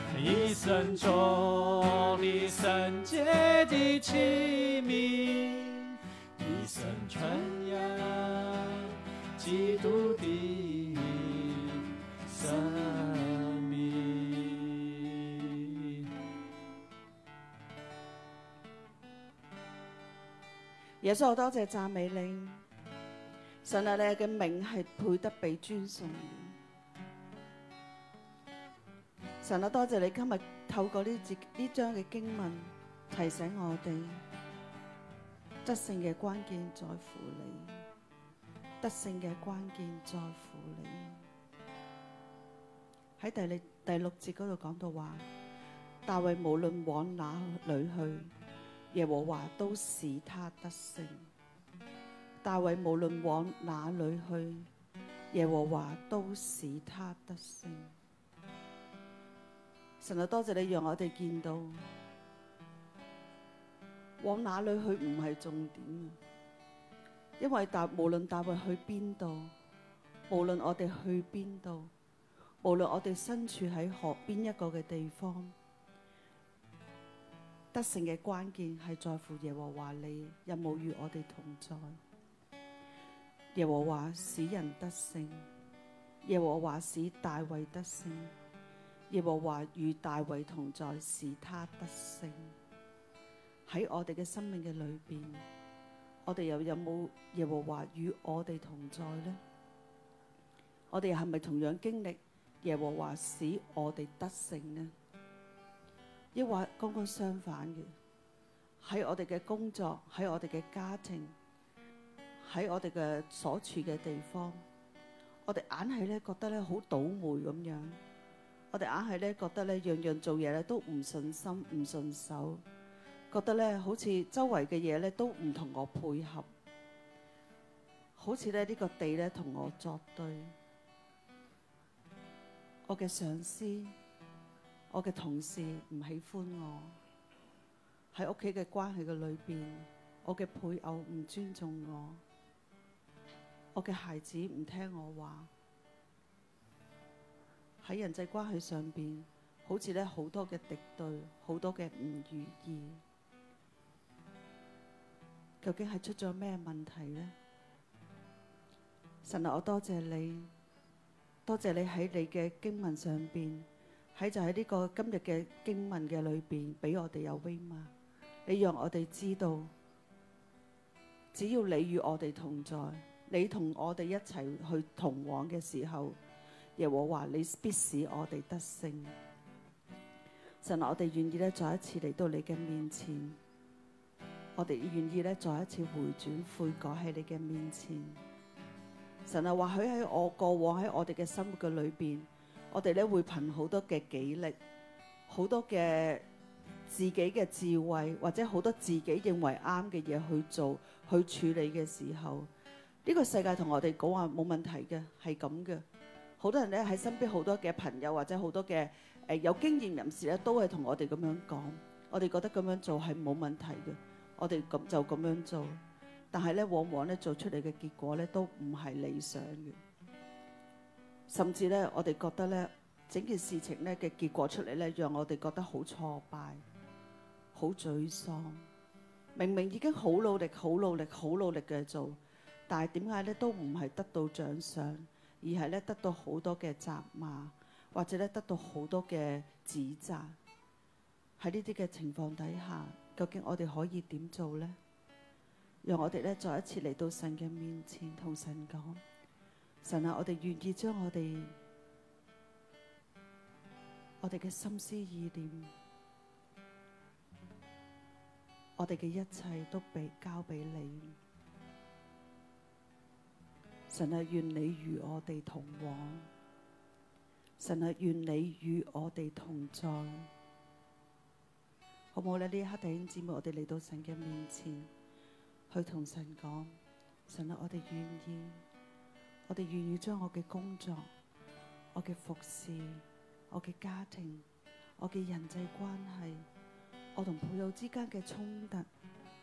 一生中，你聖潔的起名，一生傳揚基督的神名。耶穌，多謝讚美你，神啊，你嘅名係配得被尊崇。神啊，多謝你今日透過呢節呢章嘅經文提醒我哋，得勝嘅關鍵在乎你，得勝嘅關鍵在乎你。喺第六第六節嗰度講到話，大衛無論往哪裏去，耶和華都使他得勝。大衛無論往哪裏去，耶和華都使他得勝。神啊，多謝你讓我哋見到，往哪裏去唔係重點，因為達無論大衛去邊度，無論我哋去邊度，無論我哋身處喺何邊一個嘅地方，得勝嘅關鍵係在乎耶和華你有冇與我哋同在。耶和華使人得勝，耶和華使大衛得勝。耶和華與大衛同在，使他得勝。喺我哋嘅生命嘅裏邊，我哋又有冇耶和華與我哋同在呢？我哋係咪同樣經歷耶和華使我哋得勝呢？抑或剛剛相反嘅？喺我哋嘅工作，喺我哋嘅家庭，喺我哋嘅所處嘅地方，我哋硬係咧覺得咧好倒霉咁樣。我哋硬係咧，覺得咧樣樣做嘢咧都唔順心、唔順手，覺得咧好似周圍嘅嘢咧都唔同我配合，好似咧呢、這個地咧同我作對，我嘅上司、我嘅同事唔喜歡我，喺屋企嘅關係嘅裏邊，我嘅配偶唔尊重我，我嘅孩子唔聽我話。喺人際關係上邊，好似咧好多嘅敵對，好多嘅唔如意，究竟係出咗咩問題呢？神啊，我多謝你，多謝你喺你嘅經文上邊，喺就喺呢個今日嘅經文嘅裏邊，俾我哋有 win 啊！你讓我哋知道，只要你與我哋同在，你同我哋一齊去同往嘅時候。耶和華，你必使我哋得勝。神啊，我哋願意咧，再一次嚟到你嘅面前。我哋願意咧，再一次回轉悔改喺你嘅面前。神啊，或許喺我過往喺我哋嘅生活嘅裏邊，我哋咧會憑好多嘅記力，好多嘅自己嘅智慧，或者好多自己認為啱嘅嘢，去做去處理嘅時候，呢個世界同我哋講話冇問題嘅，係咁嘅。好多人咧喺身邊好多嘅朋友或者好多嘅誒有經驗人士咧，都係同我哋咁樣講，我哋覺得咁樣做係冇問題嘅，我哋咁就咁樣做，但係咧往往咧做出嚟嘅結果咧都唔係理想嘅，甚至咧我哋覺得咧整件事情咧嘅結果出嚟咧，讓我哋覺得好挫敗、好沮喪。明明已經好努力、好努力、好努力嘅做，但係點解咧都唔係得到獎賞？而係咧得到好多嘅責罵，或者咧得到好多嘅指責。喺呢啲嘅情況底下，究竟我哋可以點做呢？讓我哋咧再一次嚟到神嘅面前，同神講：神啊，我哋願意將我哋我哋嘅心思意念，我哋嘅一切都俾交俾你。神啊，願你與我哋同往。神啊，願你與我哋同在。好唔好咧？呢一刻弟兄姊妹，我哋嚟到神嘅面前，去同神講：神啊，我哋願意，我哋願意將我嘅工作、我嘅服侍、我嘅家庭、我嘅人際關係、我同配偶之間嘅衝突、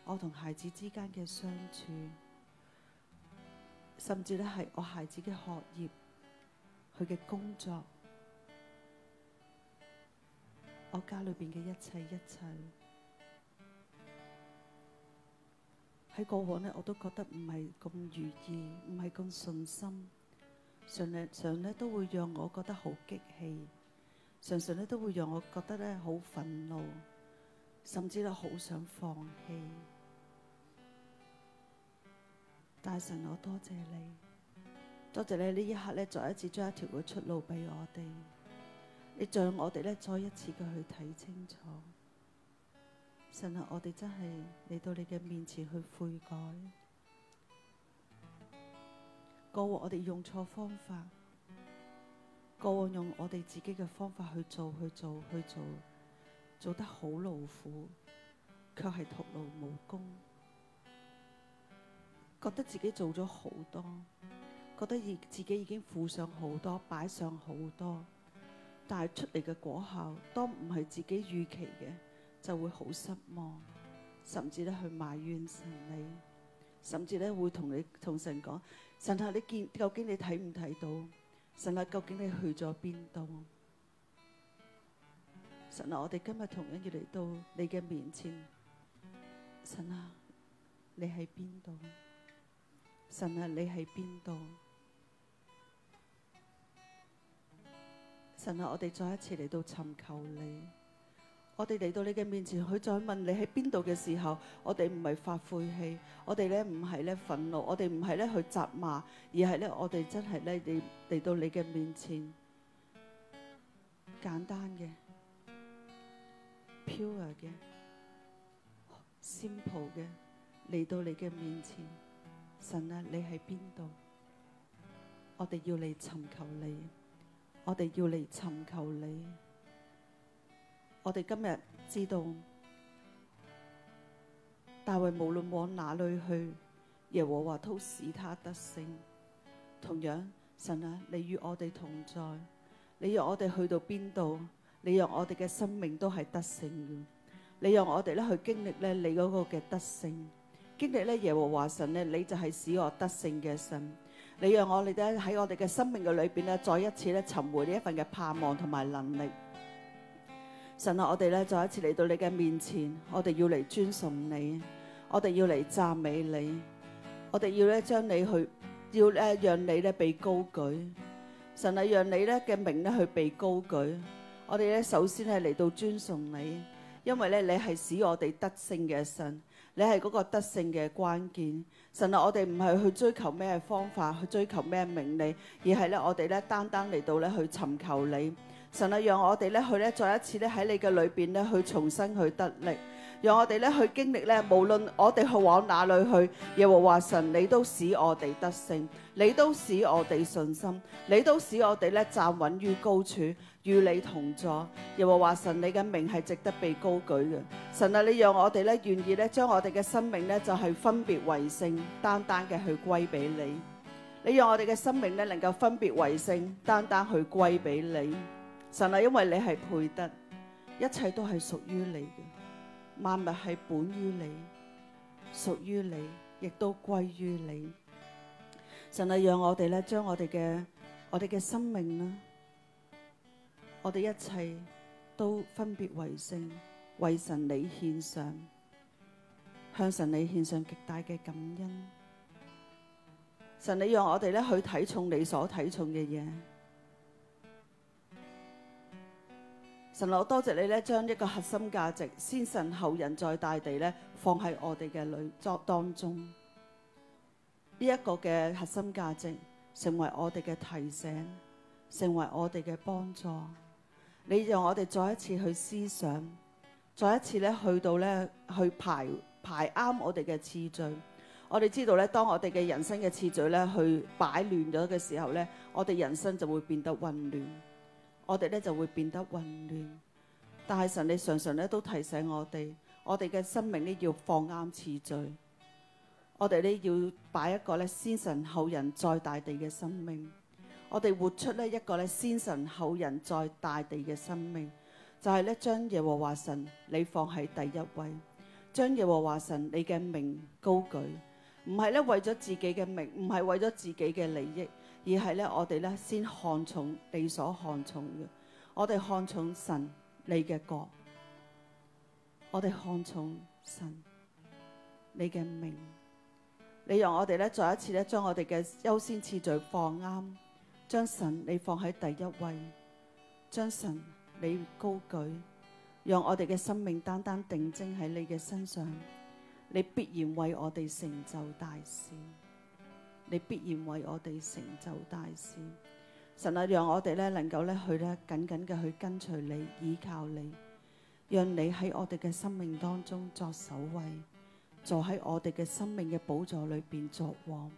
我同孩子之間嘅相處。甚至咧，係我孩子嘅學業，佢嘅工作，我家裏邊嘅一切一切，喺過往呢，我都覺得唔係咁如意，唔係咁信心，常常常咧都會讓我覺得好激氣，常常咧都會讓我覺得咧好憤怒，甚至咧好想放棄。大神，我多謝你，多謝你呢一刻咧，再一次將一條嘅出路俾我哋，你再我哋咧，再一次嘅去睇清楚。神啊，我哋真係嚟到你嘅面前去悔改，過往我哋用錯方法，過往用我哋自己嘅方法去做，去做，去做，做得好勞苦，卻係徒勞無功。覺得自己做咗好多，覺得自己已經付上好多，擺上好多，但係出嚟嘅果效都唔係自己預期嘅，就會好失望，甚至咧去埋怨神你，甚至咧會同你同神講：神啊，你見，究竟你睇唔睇到？神啊，究竟你去咗邊度？神啊，我哋今日同樣要嚟到你嘅面前，神啊，你喺邊度？神啊，你喺邊度？神啊，我哋再一次嚟到尋求你，我哋嚟到你嘅面前，佢再問你喺邊度嘅時候，我哋唔係發晦氣，我哋咧唔係咧憤怒，我哋唔係咧去責罵，而係咧我哋真係咧嚟嚟到你嘅面前，簡單嘅、pure 嘅、simple 嘅嚟到你嘅面前。神啊，你喺邊度？我哋要嚟尋求你，我哋要嚟尋求你。我哋今日知道大衛無論往哪裏去，耶和華都使他得勝。同樣，神啊，你與我哋同在，你讓我哋去到邊度，你讓我哋嘅生命都係得勝嘅，你讓我哋咧去經歷咧你個嘅得勝。經歷咧，耶和華神咧，你就係使我得勝嘅神，你讓我哋咧喺我哋嘅生命嘅裏邊咧，再一次咧尋回呢一份嘅盼望同埋能力。神啊，我哋咧再一次嚟到你嘅面前，我哋要嚟尊崇你，我哋要嚟讚美你，我哋要咧將你去，要咧讓你咧被高舉。神啊，讓你咧嘅名咧去被高舉。我哋咧首先係嚟到尊崇你，因為咧你係使我哋得勝嘅神。你係嗰個得勝嘅關鍵，神啊！我哋唔係去追求咩方法，去追求咩名利，而係咧我哋咧單單嚟到咧去尋求你，神啊！讓我哋咧去咧再一次咧喺你嘅裏邊咧去重新去得力。讓我哋咧去經歷咧，無論我哋去往哪裡去，耶和華神，你都使我哋得勝，你都使我哋信心，你都使我哋咧站穩於高處，與你同在。耶和華神，你嘅名係值得被高舉嘅。神啊，你讓我哋咧願意咧將我哋嘅生命咧就係分別為聖，單單嘅去歸俾你。你讓我哋嘅生命咧能夠分別為聖，單單去歸俾你。神啊，因為你係配得，一切都係屬於你嘅。萬物係本於你，屬於你，亦都歸於你。神你，讓我哋咧將我哋嘅我哋嘅生命啦，我哋一切都分別為聖，為神你獻上，向神你獻上極大嘅感恩。神你讓我哋咧去睇重你所睇重嘅嘢。神老多謝你咧，將一個核心價值先神後人，在大地咧放喺我哋嘅裏作當中，呢、這、一個嘅核心價值成為我哋嘅提醒，成為我哋嘅幫助。你讓我哋再一次去思想，再一次咧去到咧去排排啱我哋嘅次序。我哋知道咧，當我哋嘅人生嘅次序咧去擺亂咗嘅時候咧，我哋人生就會變得混亂。我哋咧就會變得混亂，但係神，你常常咧都提醒我哋，我哋嘅生命呢要放啱次序，我哋呢要擺一個咧先神後人再大地嘅生命，我哋活出呢一個咧先神後人再大地嘅生命，就係咧將耶和華神你放喺第一位，將耶和華神你嘅名高舉，唔係咧為咗自己嘅名，唔係為咗自己嘅利益。而係咧，我哋咧先看重你所看重嘅。我哋看重神你嘅國，我哋看重神你嘅名。你讓我哋咧再一次咧，將我哋嘅優先次序放啱，將神你放喺第一位，將神你高舉，讓我哋嘅生命單單定睛喺你嘅身上，你必然為我哋成就大事。你必然為我哋成就大事，神啊，讓我哋咧能夠咧去咧緊緊嘅去跟隨你，依靠你，讓你喺我哋嘅生命當中作首位，坐喺我哋嘅生命嘅寶座裏邊作王，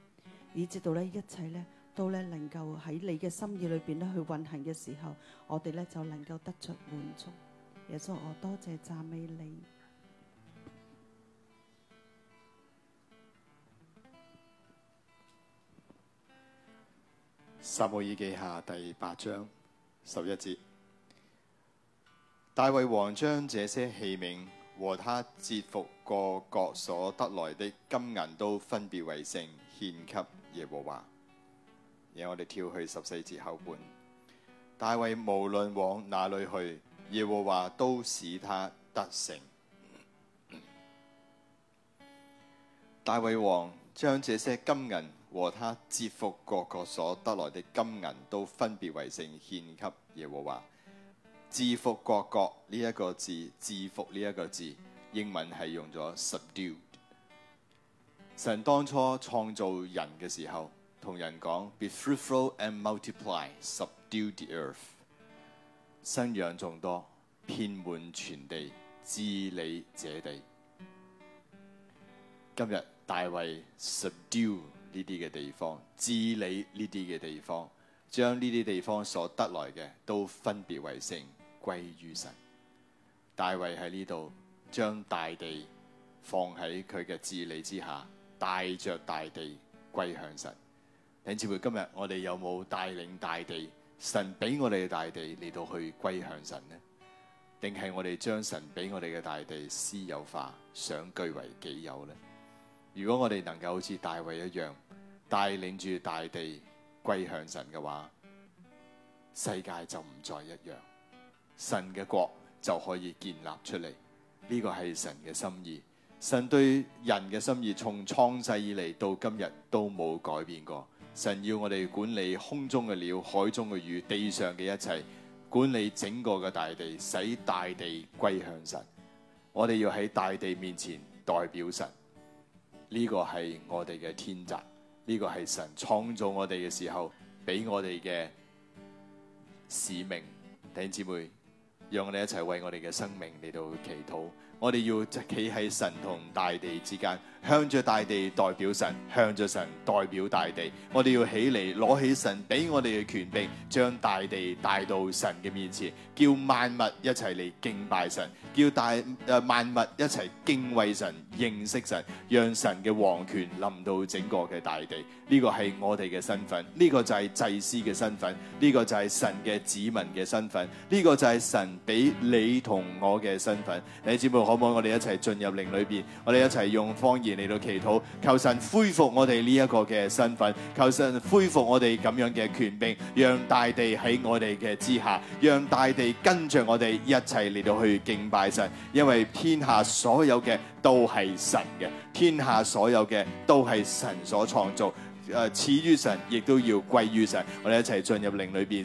以至到咧一切咧都咧能夠喺你嘅心意裏邊咧去運行嘅時候，我哋咧就能夠得着滿足。耶穌，我多謝讚美你。撒母耳記下第八章十一節，大衛王將這些器皿和他折服各國所得來的金銀都分別為聖，獻給耶和華。然後我哋跳去十四節後半，大衛無論往哪裏去，耶和華都使他得勝。嗯嗯。大衛王將這些金銀。和他折服各國所得來的金銀都分別為聖，獻給耶和華。折服各國呢一個字，折服呢一個字，英文係用咗 subdued。神當初創造人嘅時候，同人講：be fruitful and multiply, subdued the earth。生養眾多，遍滿全地，治理者地。今日大衛 subdued。呢啲嘅地方治理呢啲嘅地方，將呢啲地方所得來嘅都分別為聖歸於神。大衛喺呢度將大地放喺佢嘅治理之下，帶着大地歸向神。領袖會今日我哋有冇帶領大地？神俾我哋嘅大地嚟到去歸向神呢？定係我哋將神俾我哋嘅大地私有化，想據為己有呢？如果我哋能夠好似大衛一樣帶領住大地歸向神嘅話，世界就唔再一樣，神嘅國就可以建立出嚟。呢個係神嘅心意，神對人嘅心意從創世以嚟到今日都冇改變過。神要我哋管理空中嘅鳥、海中嘅魚、地上嘅一切，管理整個嘅大地，使大地歸向神。我哋要喺大地面前代表神。呢個係我哋嘅天職，呢、這個係神創造我哋嘅時候俾我哋嘅使命，弟兄姊妹，讓我哋一齊為我哋嘅生命嚟到祈禱，我哋要企喺神同大地之間。向着大地代表神，向着神代表大地，我哋要起嚟攞起神俾我哋嘅權柄，將大地帶到神嘅面前，叫萬物一齊嚟敬拜神，叫大誒、啊、萬物一齊敬畏神、認識神，讓神嘅王權臨到整個嘅大地。呢個係我哋嘅身份，呢個就係祭司嘅身份，呢個就係神嘅子民嘅身份，呢個就係神俾你同我嘅身份。弟兄姊妹，可唔可以我哋一齊進入靈裏邊，我哋一齊用方言嚟到祈禱，求神恢復我哋呢一個嘅身份，求神恢復我哋咁樣嘅權柄，讓大地喺我哋嘅之下，讓大地跟住我哋一齊嚟到去敬拜神，因為天下所有嘅都係神嘅，天下所有嘅都係神所創造。誒，始於神，亦都要歸於神。我哋一齊進入靈裏邊。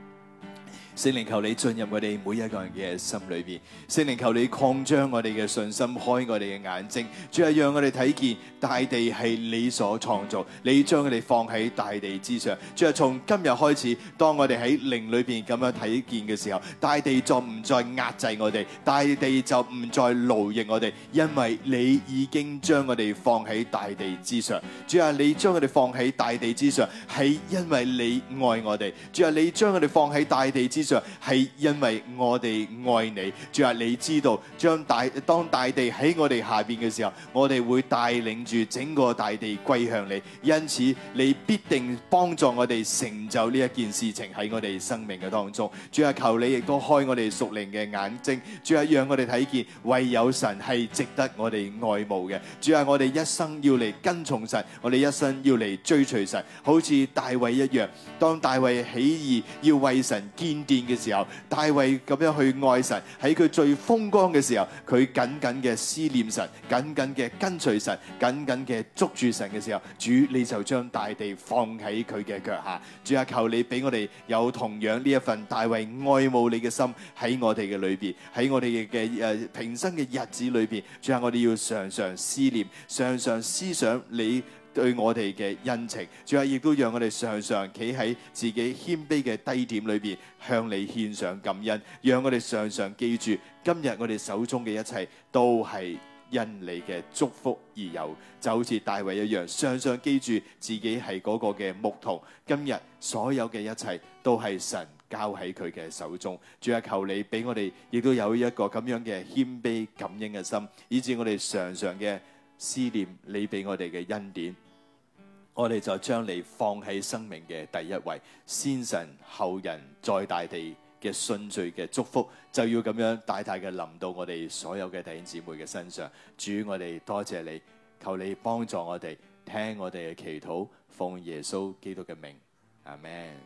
聖靈求你進入我哋每一個人嘅心裏邊，聖靈求你擴張我哋嘅信心，開我哋嘅眼睛，主啊，讓我哋睇見大地係你所創造，你將佢哋放喺大地之上，主啊，從今日開始，當我哋喺靈裏邊咁樣睇見嘅時候，大地就唔再壓制我哋，大地就唔再奴役我哋，因為你已經將我哋放喺大地之上，主啊，你將佢哋放喺大地之上，係因為你愛我哋，主啊，你將佢哋放喺大地之。係因為我哋愛你，主啊，你知道將大當大地喺我哋下邊嘅時候，我哋會帶領住整個大地歸向你，因此你必定幫助我哋成就呢一件事情喺我哋生命嘅當中。主啊，求你亦都開我哋屬靈嘅眼睛，主啊，讓我哋睇見唯有神係值得我哋愛慕嘅。主啊，我哋一生要嚟跟從神，我哋一生要嚟追隨神，好似大衛一樣，當大衛起義要為神建。嘅時候，大衛咁樣去愛神，喺佢最風光嘅時候，佢緊緊嘅思念神，緊緊嘅跟隨神，緊緊嘅捉住神嘅時候，主你就將大地放喺佢嘅腳下。主啊，求你俾我哋有同樣呢一份大衛愛慕你嘅心喺我哋嘅裏邊，喺我哋嘅嘅誒平生嘅日子裏邊。主啊，我哋要常常思念，常常思想你。對我哋嘅恩情，主啊，亦都讓我哋常常企喺自己謙卑嘅低點裏邊，向你獻上感恩。讓我哋常常記住，今日我哋手中嘅一切都係因你嘅祝福而有，就好似大衛一樣，常常記住自己係嗰個嘅牧童。今日所有嘅一切都係神交喺佢嘅手中。主啊，求你俾我哋亦都有一個咁樣嘅謙卑感恩嘅心，以致我哋常常嘅。思念你俾我哋嘅恩典，我哋就將你放喺生命嘅第一位，先神後人，在大地嘅信罪嘅祝福，就要咁樣大大嘅臨到我哋所有嘅弟兄姊妹嘅身上。主，我哋多謝你，求你幫助我哋，聽我哋嘅祈禱，奉耶穌基督嘅名。阿門。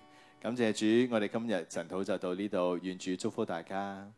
感謝主，我哋今日晨禱就到呢度，願主祝福大家。